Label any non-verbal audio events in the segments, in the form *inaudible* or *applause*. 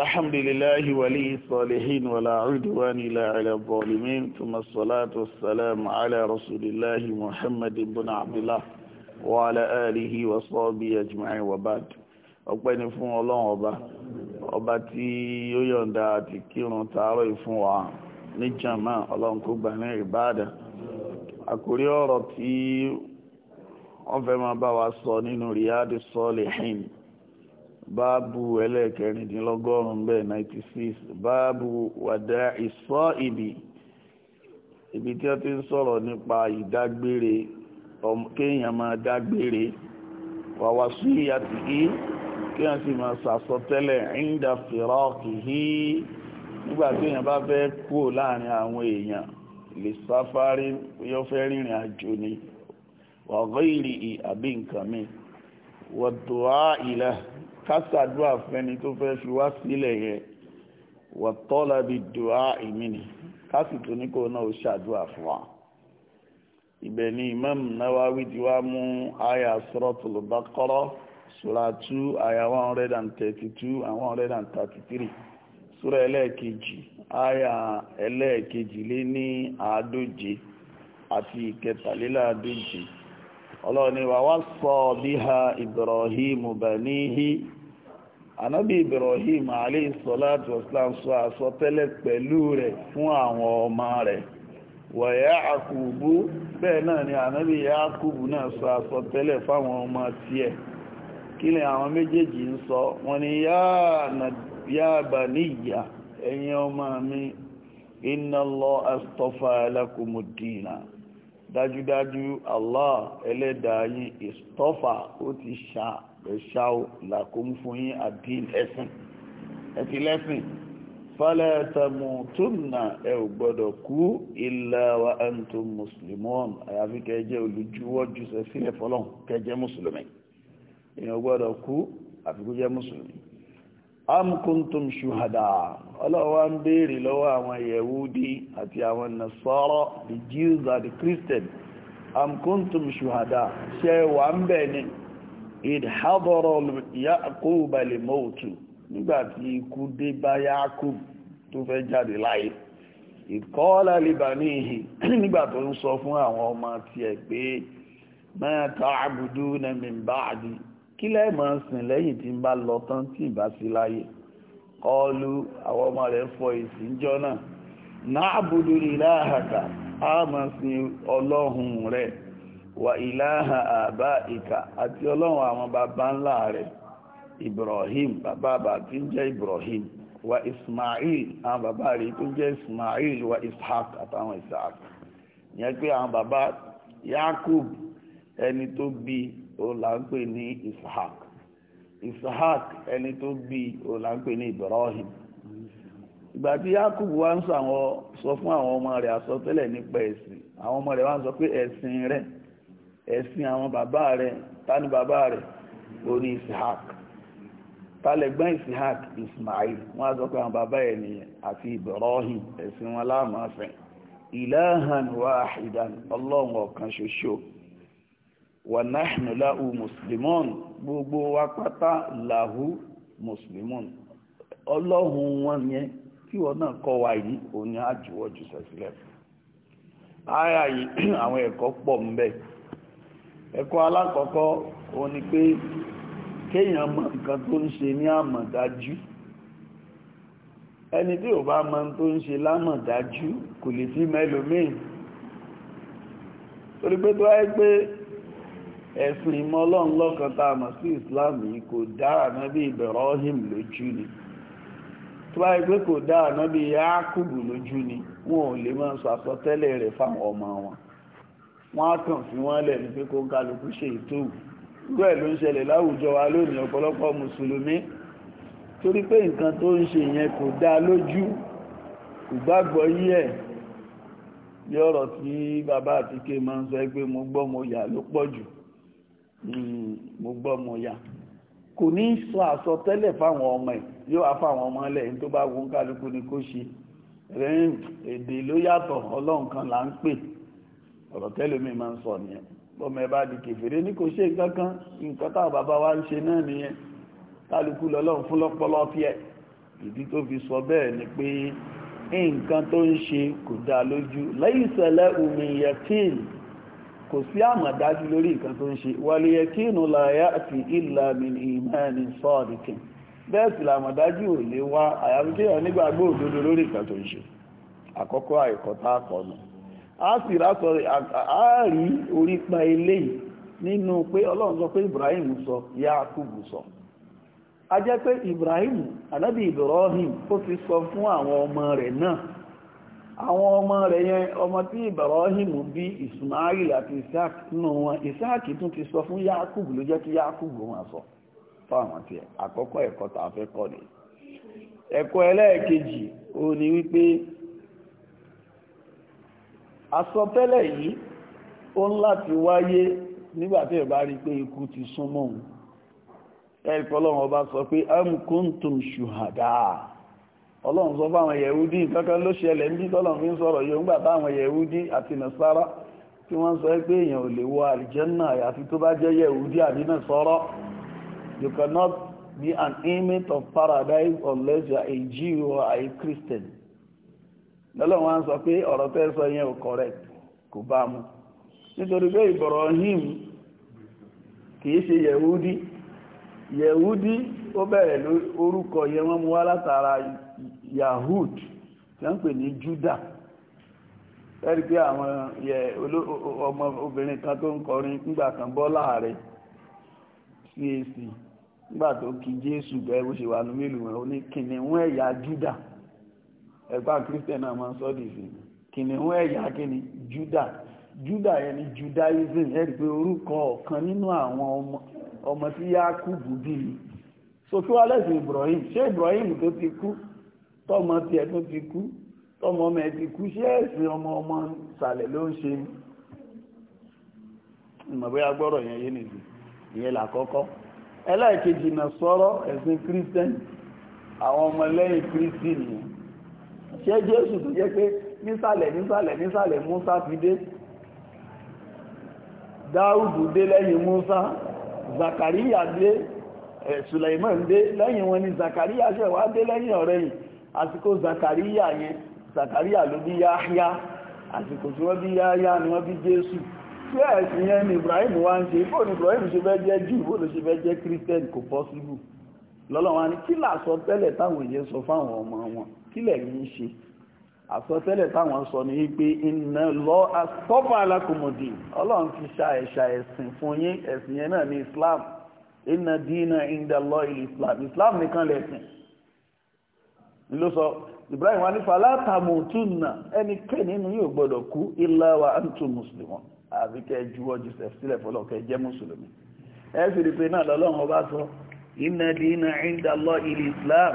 الحمد لله ولي الصالحين ولا عدوان إلا على الظالمين ثم الصلاة والسلام على رسول الله محمد بن عبد الله وعلى آله وصحبه أجمعين وبعد ọpẹ́ ni fún ọlọ́run ọba ọba tí ó yọ̀ǹda àti kírun tààrọ̀ ìfún wa ní jàmá ọlọ́run kó gbà ní ìbáàdà àkórí ọ̀rọ̀ tí wọ́n fẹ́ máa bá wa sọ nínú Riyadus Salihin báàbù ẹlẹ́ẹ̀kẹrìndínlọ́gọ́rùn-ún bẹ́ẹ̀ ninety six báàbù wàdà ìsọ́ ìbí ibi tí wọ́n ti ń sọ̀rọ̀ nípa ìdágbére kéèyàn máa dágbére wàwá sí ìyàtì kí kéèyàn sì máa sàsọtẹ́lẹ̀ ìndà fìrọ́ọ̀kì hí nígbà téèyàn bá fẹ́ kúrò láàrin àwọn èèyàn lè sáfárí yóò fẹ́ rìnrìn àjò ni wàgọ́ ìrì àbí nǹkan mi wàdùá ìlà kásàdúà fẹ́ni tó fẹ́ fi wá sílẹ̀ yẹ wọ̀tọ́lá bí dùá ìmìnì kásìtò ní kò náà ó ṣàdúà fún wa ibẹ̀ ni Imam Nawawi ti wá mú àyà Suratul Baqara sura 2 one hundred and thirty three sura ẹlẹ́ẹ̀kejì àyà ẹlẹ́ẹ̀kejì lé ní àádóje àti ìkẹtàléláàádóje ọlọ́ni wà wá sọ bí ha Ibrahim banihi anabi ibrahim alayhi salatu wassalam sọ àsọtẹ́lẹ̀ pẹ̀lú rẹ fún àwọn ọmọ rẹ wa Yaqubu bẹ́ẹ̀ náà ni anabi Yaqubu náà sọ àsọtẹ́lẹ̀ fáwọn ọmọ tiẹ̀ kí ni àwọn méjèèjì ń sọ wọn ni ya baniya ẹ̀yin ọmọ mi inna Allah astafa lakumudina dájúdájú Allah ẹlẹ́dàá yín istafa ó ti ṣáà lè ṣáò làkún fún yín àdín ẹ̀sìn ẹ̀tì lẹ́sìn fala tamutunna ẹ ò gbọ́dọ̀ kú illa wa antum muslimun àyàfi kẹjẹ́ olùjúwọ́ jùsẹ̀ sílẹ̀ fọlọ́n kẹjẹ́ mùsùlùmí èèyàn gbọ́dọ̀ kú àfikún jẹ́ mùsùlùmí am kuntum shuhada ọlọ́wọ́ ń béèrè lọ́wọ́ àwọn yahudi àti àwọn nasara the jews and the christians am kuntum shuhada ṣe wà ń bẹ̀ ni ìdábọ̀rọ̀ Yaqub al-mautu nígbàtí ikú dé bá Yaqub tó fẹ́ jáde láyé ìkọ́ọ́lá libanihi *clears throat* nígbà tó ń sọ fún àwọn ọmọ tiẹ̀ pé ma ta'buduna min ba'di kí lẹ́ máa sìn lẹ́yìn tí ń bá lọ tán tí ìbá sí láyé kọlu àwọn ọmọ rẹ̀ fọ ń náà a ọlọ́hun rẹ̀ wa ìlàhà àbá ìkà àti ọlọ́run àwọn bàbá ńlá ibrahim bàbá bàbá ibrahim wa ismail àwọn bàbá rẹ̀ tó jẹ́ ismail wa ishaq àtàwọn ishaq yẹn pé àwọn bàbá yakub ẹni tó bí olàǹpè ní ishaq ishaq ẹni tó bí olàǹpè ní ibrahim ìgbà tí yakub wá ń sọ fún àwọn ọmọ rẹ̀ àsọtẹ́lẹ̀ nípa ẹ̀sìn àwọn ọmọ rẹ̀ ẹ̀sìn àwọn bàbá rẹ̀ tani bàbá rẹ̀ orí ishaq talẹ̀gbọ́n ishaq ismail wọ́n á àwọn bàbá ẹ̀ àti ibrahim ẹ̀sìn wọn láàmú afẹ́ ilahan wahidan ọlọ́run ọ̀kan ṣoṣo wa gbogbo wa lahu ọlọ́run jù *clears throat* àwọn ẹ̀kọ́ pọ̀ ẹ̀kọ́ alákọ̀ọ́kọ́ òun ni pé kéèyàn nǹkan tó ń ṣe ní àmọ̀dájú ẹni tí ò bá tó ń ṣe lámọ̀dájú kò lè fi mẹ́lòmíì torí pé tó wáyé pé ẹ̀sìn ìmọ̀ ọlọ́run tá Islam yìí kò dára náà bí Ibrahim lójú ni tó bá kò lójú ni wọn ò lè ọmọ wọ́n á kàn fi wọ́n lẹ̀ ní pé kó kálukú ṣe ètò ìgbọ́ ẹ̀ ló ń ṣẹlẹ̀ láwùjọ wa lónìí ọ̀pọ̀lọpọ̀ mùsùlùmí torí pé nǹkan tó ń ṣe yẹn kò dá lójú kò gbàgbọ́ yí ẹ̀ bí ọ̀rọ̀ tí bàbá àti ké máa ń sọ pé mo gbọ́ mo yà ló pọ̀ jù hmm, mo gbọ́ mo yà kò ní sọ àsọtẹ́lẹ̀ fáwọn ọmọ ẹ̀ yóò wá fáwọn ọmọ ẹlẹ́yìn tó bá wù kálukú ni kó ṣe rẹ̀ èdè ló yàtọ̀ ọlọ́run kan là ń pè ọ̀rọ̀ tẹ́lómi máa ń sọ nìyẹn bọ́mọ ẹ bá di kèfèrè ní kò ṣe nǹkan kan nǹkan táwọn bàbá wa ń ṣe náà nìyẹn kálukú lọ́lọ́run fún lọ́pọlọ tiẹ̀ ìdí tó fi sọ bẹ́ẹ̀ ni pé nǹkan tó ń ṣe kò dá lójú lẹ́yìn ìṣẹ̀lẹ̀ omi yẹkín kò sí àmọ̀dájú lórí nǹkan tó ń ṣe wàlẹ yẹkín làyà àti ìlà min ìmẹ́ni sọ́ọ̀dìkìn bẹ́ẹ̀ sì làmọ̀dájú ò lè wá àyàfi kéèyàn nígbàgbọ́ òdodo lórí nǹkan tó ń ṣe àkọ́kọ́ àìkọ́tà àkọ́nù a sì rásọ àárí orí pa eléyìí nínú pé ọlọ́run sọ pé Ibrahim sọ Yakubu sọ a jẹ́ pé Ibrahim anábì Ibrahim ó ti sọ fún àwọn ọmọ rẹ̀ náà àwọn ọmọ rẹ̀ yẹn ọmọ tí Ibrahim bí Ismail àti Isaac nù wọn Isaac tún ti sọ fún Yakubu ló jẹ́ kí Yakubu wọn sọ fáwọn àti àkọ́kọ́ ẹ̀kọ́ tàà fẹ́ kọ́ ni ẹ̀kọ́ ẹlẹ́ẹ̀kejì ó ní wípé àsọtẹ́lẹ̀ yìí ó ń láti wáyé nígbàtí ẹ̀ bá rí pé ikú ti súnmọ́ òun ẹ̀rìkọ́ ọlọ́run ọba sọ pé amkuntum ṣùhàdá ọlọ́run sọ fáwọn yẹ̀húdí kankan ló ṣẹlẹ̀ ń bí tọ́lọ́run fi ń sọ̀rọ̀ yóò ń gbà táwọn yẹ̀húdí àti nàṣárá tí wọ́n sọ pé èèyàn ò lè wọ àlìjẹ́nà àyàfi tó bá jẹ́ yẹ̀húdí àbí nàṣárá you cannot be an inmate of paradise unless you are a Jew or a Christian lọ́lọ́run wá ń sọ pé ọ̀rọ̀ tẹ́ sọ yẹn ò correct kò bá mu nítorí pé Ibrahim kìí ṣe yẹ̀húdí yẹ̀húdí ó bẹ̀rẹ̀ yẹn wọ́n mú wá látara yahud tí wọ́n pè ní juda ẹ̀rí pé àwọn ọmọ obìnrin kan tó kọrin nígbà kan bọ́ CAC nígbà tó kí Jésù bẹ́ẹ̀ bó ṣe wà ní ẹ̀gbọ́n christian náà máa ń sọ di ìsìn kìnìún ẹ̀yà kìnì juda juda yẹn ni judaism ẹ̀rí pé orúkọ ọ̀kan nínú àwọn ọmọ ọmọ tí yakubu bí ni sofi wa lẹ́sìn ibrahim ṣé ibrahim tó ti kú tọmọ tiẹ̀ tó ti kú tọmọ ọmọ ẹ̀ ti kú ṣé ẹ̀sìn ọmọ ọmọ ìsàlẹ̀ ló ń ṣe ni ìmọ̀ bóyá yẹn yé nìyí ìyẹn làkọ́kọ́ ẹlẹ́ẹ̀kejì náà sọ̀rọ̀ ẹ̀sìn christian àwọn ọmọlẹ́yìn christian yẹn ṣé jésù tó jẹ́ pé nísàlẹ̀ nísàlẹ̀ nísàlẹ̀ músá fi dé dáúdù dé lẹ́yìn músá zakariya dé suleiman dé lẹ́yìn wọn ni zakariya ṣẹ̀ wá dé lẹ́yìn ọ̀rẹ́yìn àsìkò zakariya yẹn zakariya ló bí yáhíá àsìkò tí wọ́n bí yáhíá ni wọ́n bí jésù tí ẹ̀sìn yẹn ni ibrahim wá ń ṣe ìbò ni ibrahim ṣe fẹ́ jẹ́ jù ìbò ló ṣe fẹ́ jẹ́ christian kò possible lọ́lọ́wọ́n ni kí làásọ tẹ́lẹ̀ táwọn èèyàn sọ fáwọn ọmọ wọn kílẹ̀ yìí ṣe àsọtẹ́lẹ̀ táwọn sọ ní wípé iná lọ asọ́fà alákòmọ̀dì ọlọ́run ti ṣa ẹ̀ṣà ẹ̀sìn fún yín ẹ̀sìn yẹn náà ní islam iná dínà ìndà lọ ilẹ̀ islam islam nìkan lẹ̀sìn ló sọ ibrahim wa nífa látàmùtúnà ẹnikẹ́ni ni yóò gbọ́dọ̀ kú ilá ku antum àbí kẹ́ ẹ juwọ́ joseph sílẹ̀ fọlọ́ kẹ́ ẹ jẹ́ mùsùlùmí ẹ sì rí pé náà lọ́lọ́run ọba sọ iná dínà ìndà lọ ilẹ̀ islam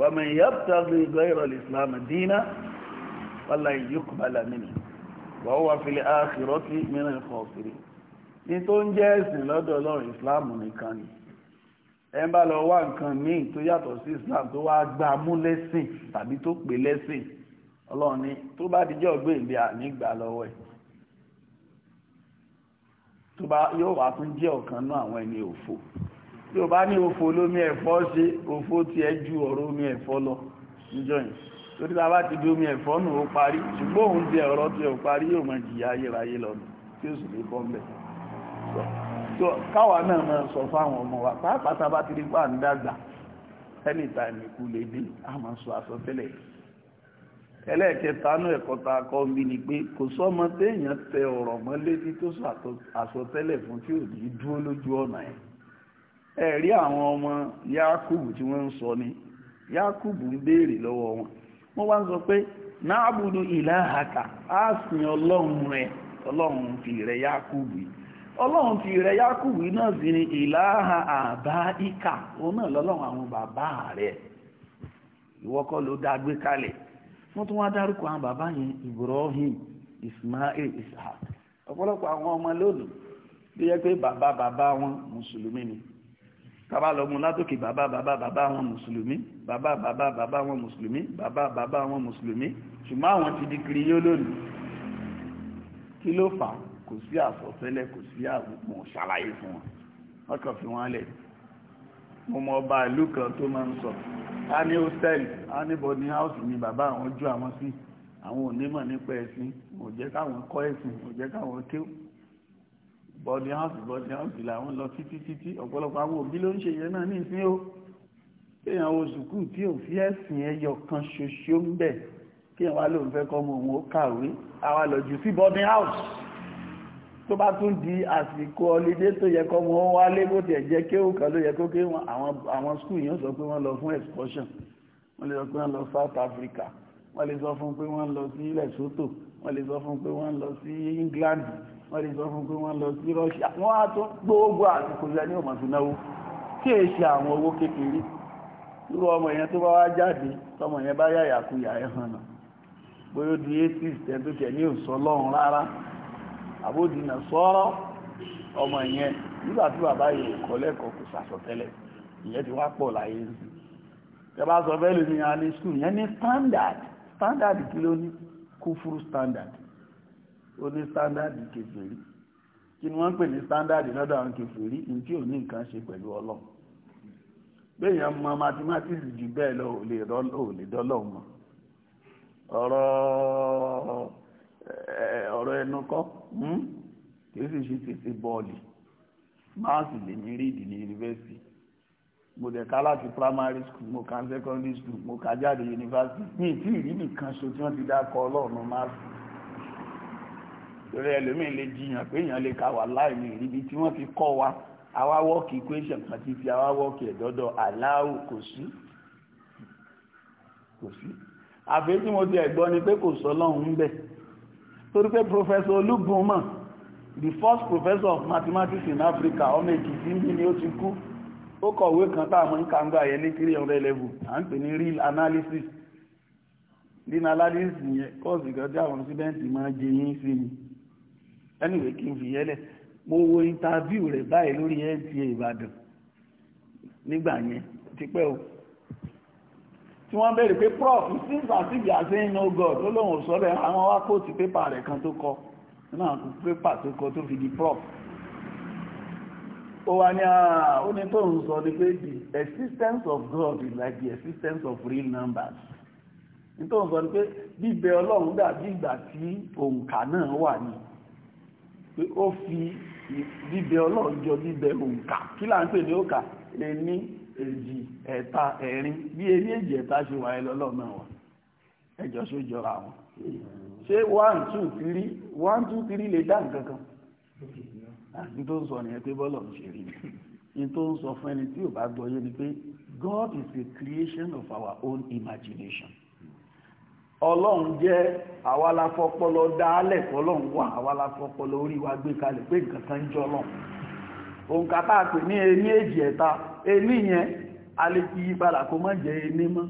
ومن يبتغي غير الإسلام دينا فلن يقبل منه وهو في الآخرة من الخاسرين ní tó ń jẹ́ إسلام lọ́dọ̀ Ọlọ́run Islam nìkan ni ẹ bá lọ wá nǹkan míì tó yàtọ̀ sí Islam tó wá gbà mú lẹ́sìn tàbí tó pè lẹ́sìn Ọlọ́run ni tó bá dijọ́ gbé ìgbé ànígbà lọ́wọ́ ẹ̀ tó bá yóò wá tún jẹ́ ọ̀kan náà àwọn ẹni òfò tí o bá ní òfò olómi ẹ̀fọ́ ṣe òfò ti ẹ ju ọ̀rọ̀ omi ẹ̀fọ́ lọ níjọyìn torí ta bá ti di omi ẹ̀fọ́ nù ó parí ṣùgbọ́n òun di ọ̀rọ̀ tí ó parí yóò mọ jìyà ayérayé lọ́nà tí ó sì lè bọ́ mbẹ́ so káwa náà máa sọ fáwọn ọmọ wa pàápàá ta bá ti rí pa ń dàgbà ẹnìta ìmìkú lè dé a máa sọ àsọtẹ́lẹ̀ ẹlẹ́ẹ̀kẹta nú ẹ̀kọ́ ta kọ́ mi ni pé kò sọ́mọ téèyàn tẹ ọ̀rọ̀ mọ́ létí tó sọ àsọtẹ́lẹ̀ fún tí ò ní dúró lójú ọ̀nà yẹn ẹ̀rí àwọn ọmọ Yakubu tí wọ́n ń sọ ni Yakubu ń lọ́wọ́ wọn wọ́n wá ń sọ pé náàbùdó ìlàhàkà á ọlọ́run rẹ̀ ọlọ́run fi rẹ̀ Yakubu ọlọ́run fi rẹ̀ Yakubu náà sì ni ìlàhà àbá ìkà òun náà lọ́lọ́run àwọn bàbá rẹ̀ ló dá gbé kalẹ̀ wọ́n tún Ibrahim Ismail Isah ọ̀pọ̀lọpọ̀ àwọn ọmọ lónìí yẹ pé bàbá bàbá wọn tàbá lọ́mú látòkè bàbá bàbá bàbá àwọn mùsùlùmí bàbá bàbá bàbá àwọn mùsùlùmí bàbá bàbá àwọn mùsùlùmí ṣùgbọ́n àwọn ti di kiri yóò lónìí kí ló fà kò sí àsọtẹ́lẹ̀ kò sí àwùmọ̀ ṣàlàyé fún wọn wọ́n kàn fi wọ́n lẹ̀ mo mọ ọba ìlú kan tó máa ń sọ a ní hostel a ní boarding house ni bàbá àwọn ju àwọn sí àwọn onímọ̀ nípa ẹ̀sìn òjẹ́ káwọn kọ́ ẹ̀sìn òjẹ́ káwọn kéwòn bọ́dí house bọ́dí house làwọn lọ títí títí ọ̀pọ̀lọpọ̀ àwọn òbí ló ń ṣe yẹn náà ní ìsín o kéèyàn wo sùkúù tí ò fi ẹ̀sìn ẹyọ kan ṣoṣo ń bẹ̀ kéèyàn wá lóun fẹ́ kọ́mọ òun ó kàwé àwa lọ jù sí bọ́dí house tó bá tún di àsìkò ọlídé tó yẹ kọ́mọ ó wálé bó tiẹ̀ jẹ́ kéwù kan ló yẹ kó ké àwọn sùkúù yẹn sọ pé wọ́n lọ fún excursion wọ́n lè sọ pé wọ́n lọ South Africa wọ́n lè sọ fún pé wọ́n lọ sí Lesotho wọ́n lè sọ fún pé wọ́n lọ sí England wọ́n lè sọ fún pé wọ́n lọ sí Russia wọ́n á tó gbogbo àsìkò ìyá ní ọmọ ìfináwó tí è ṣe àwọn owó kékeré irú ọmọ yẹn tó bá wá jáde tọmọ yẹn bá yàyà kú yà ẹ hàn náà bóyá di atheist ẹni tó tiẹ̀ ní òsọ lọ́run rárá àbódìnà sọ́rọ́ ọmọ yẹn nígbà tí bàbá yìí kọ́ lẹ́kọ̀ọ́ kò sàsọtẹ́lẹ̀ ìyẹn ti wá pọ̀ láyé ń sìn tẹ́bá sọ fẹ́ lómi yẹn ní skul yẹn ní standard standard kí ló ní kúfúrú standard oní ní sítándàdì kèfèrí kí ni wọ́n ń pè ní sítándàdì lọ́dọ̀ àwọn kèfèrí ní tí ò ní nǹkan ṣe pẹ̀lú ọlọ́run béèyàn mọ mathematics jù bẹ́ẹ̀ lọ ò lè dọ́lọ́run mọ́ ọ̀rọ̀ ẹnu kọ́ hmm? kì í sì ṣe tètè bọ́ọ̀lì máàsì lè ní ní yunifásitì mo dẹ̀ ká láti primary school mo kà secondary school mo jáde yunifásitì ní ìtì ìrí nìkan ṣo ti dá ọlọ́run torí ẹlòmíín lè jiyàn pé èèyàn lè ka wà láìní ìríbi tí wọ́n fi kọ́ wa àwa wọ́ọ̀kì equation kan ti fi àwa wọ́ọ̀kì ẹ̀dọ́dọ̀ aláwò kò sí kò sí àfi tí mo ti ẹ̀gbọ́ ni pé kò sọ ń bẹ̀ torí pé professor olúgbùnmọ̀ the first professor of mathematics in Africa ọmọ èkìtì ní ni ó ti kú ó kọ̀wé kan táàmù ń kàńgbà yẹn ní three hundred level à ń pè ní real analysis nínú analysis yẹn kọ́ọ̀sì kan tí àwọn síbẹ̀ǹtì máa jẹ yín sí ni anyway kí n fi yẹlẹ̀ mo wo interview rẹ̀ báyìí lórí NTA Ìbàdàn nígbà yẹn tipẹ́ o tí wọ́n bẹ̀rẹ̀ pé prof since as if you are saying no god ó lóun ò sọ bẹ́ẹ̀ àwọn wá kóòtù pépà rẹ̀ kan tó kọ nínú àwọn pépà tó kọ tó fi di prof ó wá ní àà ah, ó ní sọ ni pé the existence of god is like the existence of real numbers ní tóun sọ ni pé bíbẹ ọlọ́run dàbí ìgbà tí òǹkà náà wà ní pé ó fi bíbẹ ọlọ́run jọ bíbẹ òǹkà kí là ń pè ní òǹkà ení èjì ẹ̀ta ẹ̀rin bí ení èjì ẹ̀ta ṣe wà ẹ lọ́lọ́mọ wọn ẹjọ́ sójọra wọn ṣé one two three one two three lè dá nǹkan kan àti ah, tó ń sọ nìyẹn pé bọ́lọ̀ ń ṣe rí ni tó ń sọ fún ẹni tí ò bá gbọ́ yé ni pé God is the creation of our own imagination ọlọ́run jẹ́ àwa la fọpọlọ dálẹ̀ kọlọ́run wà àwa orí wa gbé kalẹ̀ pé nǹkan kan jọ lọ a ní ení èjì ẹ̀ta ení yẹn a lè ti yí padà kó má jẹ ení mọ́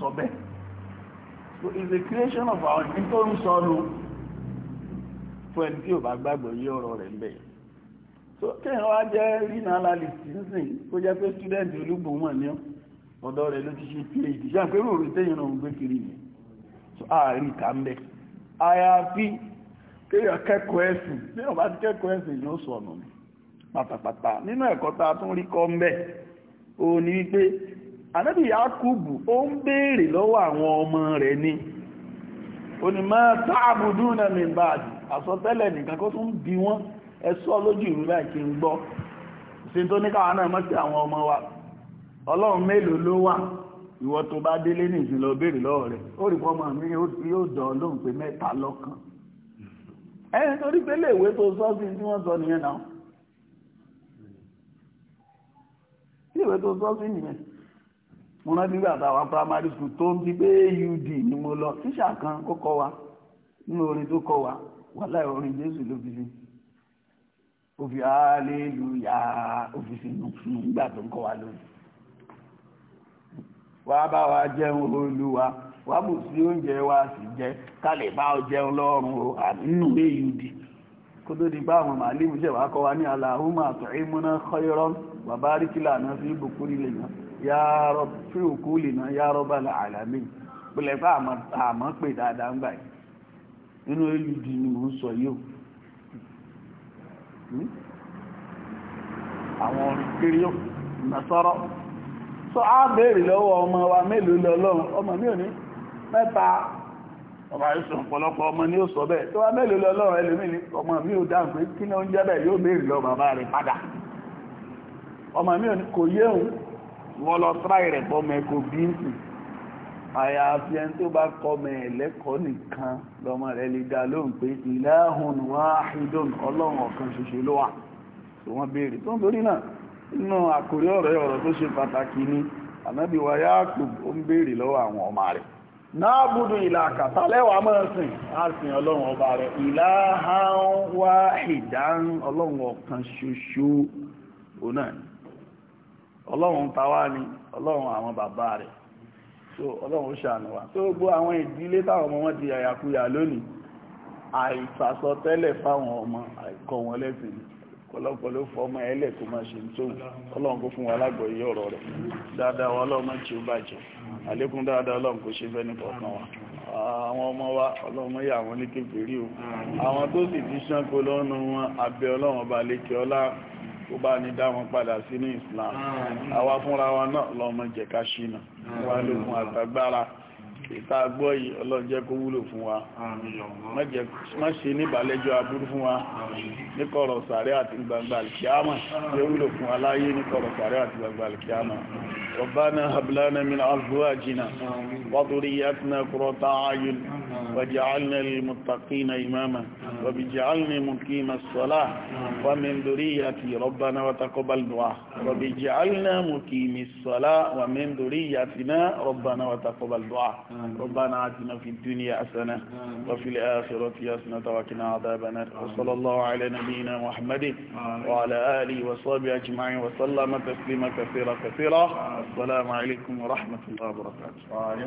sọ bẹ́ẹ̀ so it's the creation of our nítorí fún ẹni tí ò bá gbàgbọ́ yí ọ̀rọ̀ rẹ̀ tó kéèyàn wá jẹ́ rínà alálìsì nísìn kó jẹ́ pé student olúgbòmọ̀ ní ọ̀dọ́ rẹ̀ ló ti ṣe phd ṣáà pé rò rí téèyàn náà ń gbé kiri yìí so ààrí ìta ń bẹ àyàfi kéèyàn kẹ́kọ̀ọ́ ẹ̀sìn téèyàn bá ti kẹ́kọ̀ọ́ ẹ̀sìn yóò sọnù pátápátá nínú ẹ̀kọ́ ta tún rí kọ́ ń bẹ̀ òun ni wípé ànábì yakubu ó ń béèrè lọ́wọ́ àwọn ọmọ rẹ̀ ni onímọ̀ táàbùdúnà mi bàjẹ́ àsọtẹ́lẹ̀ nìkan kó tún bí wọ́n ẹ̀sọ́ lójú ìlú báyìí gbọ́ sí tó ní náà mọ́sí àwọn ọmọ wa ọlọ́run mélòó ló wà ìwọ tó bá délé ní lọ bèèrè lọ́wọ́ rẹ̀ ó rí fọ́mọ mi yóò dọ̀ ọlọ́run pé mẹ́ta lọ́kàn ẹni torí pé léèwé tó sọ sí tí wọ́n sọ nìyẹn náà tó sọ sí AUD ni mo lọ tíṣà kan kó wa nínú kọ wa orin Jésù ló ó fi hallelujah ó fi sínú nígbà tó ń kọ́ wa lónìí wà á bá wa jẹun olúwa wà á bù sí oúnjẹ wa sì jẹ ká bá ọ jẹun lọ́rùn o ànínú aud kó tó di bá àwọn màálìmù ṣe wàá kọ́ wa ní Allahumma at'imna khayran wa barik lana fi bukulina ya Rabb fi bukulina ya Rabbal alamin pẹ̀lẹ́ fún àmọ́ pè dáadáa ń gbà yìí nínú aud ni mò ń sọ yìí o. Hmm? àwọn orin kiri nàṣọ́rọ̀ so a béèrè lọ́wọ́ ọmọ wa mélòó lọ́lọ́run ọmọ mi ò ní mẹ́ta ọba ìṣùn pọ̀lọpọ̀ ọmọ ni ó sọ bẹ́ẹ̀ tó wá mélòó lọ́lọ́run ẹlòmí ni ọmọ mi ò dáhùn pé kí ní oúnjẹ bẹ́ẹ̀ yóò béèrè lọ bàbá rẹ̀ padà ọmọ mi ò ní kò yéhùn wọ́n lọ tíráì rẹ̀ pọ́ mẹ́kò bíńsì àyàfi ẹni tó bá kọmọ ẹ̀ nìkan lọ́mọ rẹ̀ lè dá lóhùn pé ìlàhùn wáhídùn ọlọ́run ọ̀kan ṣoṣo ló wà tó wọ́n béèrè tó ń torí náà nínú àkórí ọ̀rọ̀ ọ̀rọ̀ tó ṣe pàtàkì ni ànábì wa ó ń béèrè lọ́wọ́ àwọn ọmọ ni rẹ̀ so ọlọ́run ṣàánú wa tó gbogbo àwọn ìdílé táwọn ọmọ wọn ti yàyàkuyà lónìí àìsàsọtẹ́lẹ̀ fáwọn ọmọ àìkọ́ wọn lẹ́sìn kọlọ́pọ̀ ló fọ ọmọ ẹlẹ́ kó máa ṣe tó ọlọ́run kó fún wa lágbọ̀ọ́yé ọ̀rọ̀ rẹ̀ dáadáa wa ọlọ́run tí ó bàjẹ́ àlékún dáadáa ọlọ́run kó ṣe fẹ́ nípa ọ̀kan wa àwọn ọmọ wa ọlọ́run yà wọ́n ní kékeré o àwọn tó sì ti ṣánko lọ́nu wọn abẹ́ ọlọ́run ọba lékè ọlá kó bá ní dá wọn padà sínú Islam àwa fúnra wa náà lọ́mọ jẹ̀ká ṣínà wà lókun àtàgbára. ìta gbọ́ yìí ọlọ́run jẹ́ kó wúlò fún wa má ṣe ní ìbàlẹ́jọ́ aburú fún wa ní kọ̀rọ̀ sàárẹ́ àti gbangba alìkíámà jẹ́ wúlò fún wa láyé ní kọ̀rọ̀ sàárẹ́ àti gbangba alìkíámà ربنا هب لنا من أزواجنا وذرياتنا قرة أعين واجعلنا للمتقين إماما وبجعلني مقيم الصلاة ومن ذريتي ربنا وتقبل دعاء وبجعلنا مقيم الصلاة ومن ذريتنا ربنا وتقبل دعاء ربنا آتنا في الدنيا حسنة وفي الآخرة حسنة وقنا عذاب النار وصلى الله على نبينا محمد وعلى آله وصحبه أجمعين وسلم تسليما كثيرا كثيرا السلام عليكم ورحمة الله وبركاته